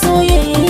soyayya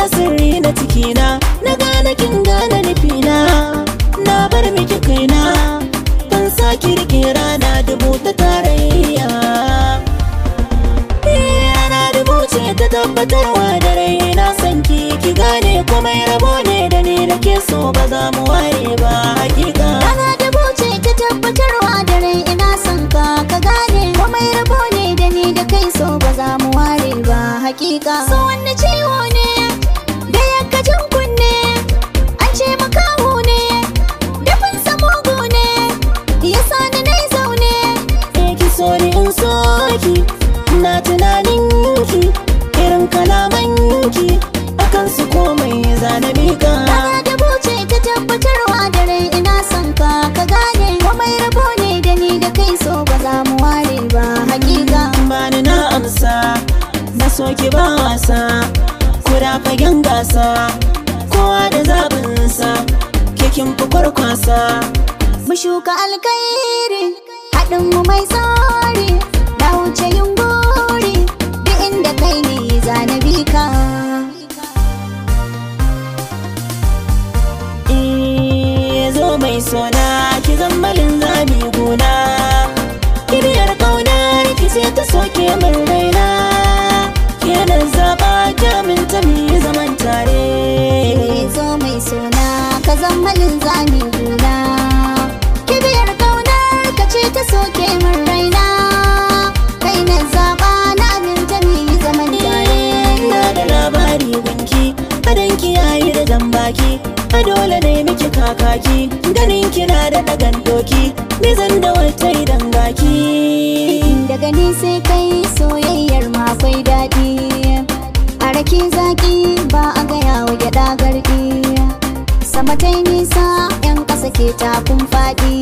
na sirri na cikina na gane kin gane nufina na bar miki kaina ban saki rike rana dubu ta tarayya rana dubu ce ta tabbatarwa da rai na san ki ki gane komai rabo ne da ni da ke so ba za mu ware ba hakika rana dubu ce ta tabbatarwa da rai ina san ka ka gane komai rabo ne da ni da kai so ba za mu ware ba hakika so wanne ciwo so ki ba wasa kura fagen gasa kowa da zabinsa kin fi kwarkwasa mu shuka alkairi haɗin mu mai tsari na wuce yunguri duk inda kai ne zanabi ka eh, zo mai sona ganin kina da dagan doki zan da wata idan baki daga ni sai kai soyayyar ma akwai daɗi a rake zaki ba a gaya wa gyaɗa garɗi sama nisa yan ƙasa ke takun faɗi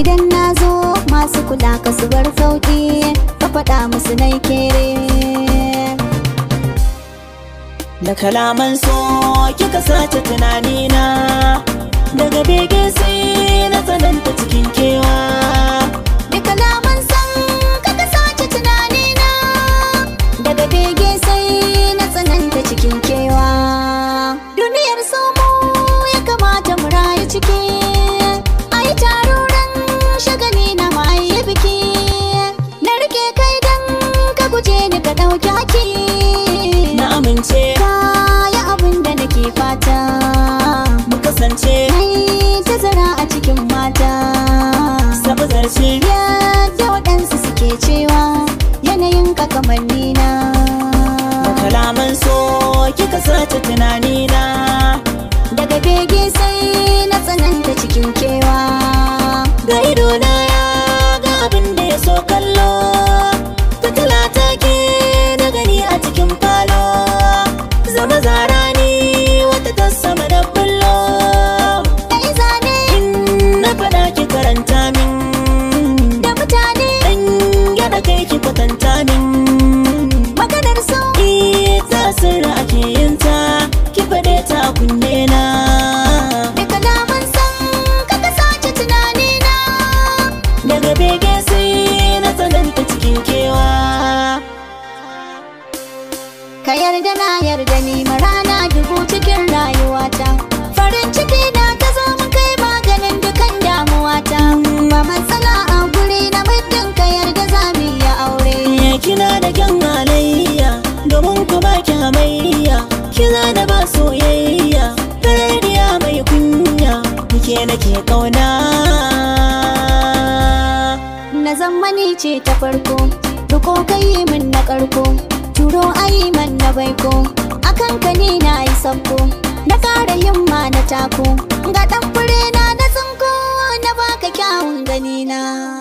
idan na zo masu kula ka su bar sauƙi ka faɗa musu nai kere da kalaman so kika sace tunani na. daga bege sai na tsananta cikin kewa da kalaman san kaka sace na. daga bege sai na tsananta cikin kewa duniyar somo ya kamata mu rayu ciki ai taruran shagali na mai biki na rike kai dan ka guje ni ka dauki haki na amince ka yi abin da nake fata mu kasance kika sace na? da na yarda ni marana dubu cikin rayuwata farin ciki na ta zo mun kai maganin dukan damuwata ba matsala a guri na muddin ka yarda za mu iya aure ya kina da kyan halayya domin ku ba ki hamayya kina da ba soyayya tarariya mai kunya ke nake kauna na zammani ce ta farko duk kai min na karko turo aiman na baiko akan ka na yi sabko na ƙara himma na taku ga ɗan fure na na tsinko na baka kyawun ganina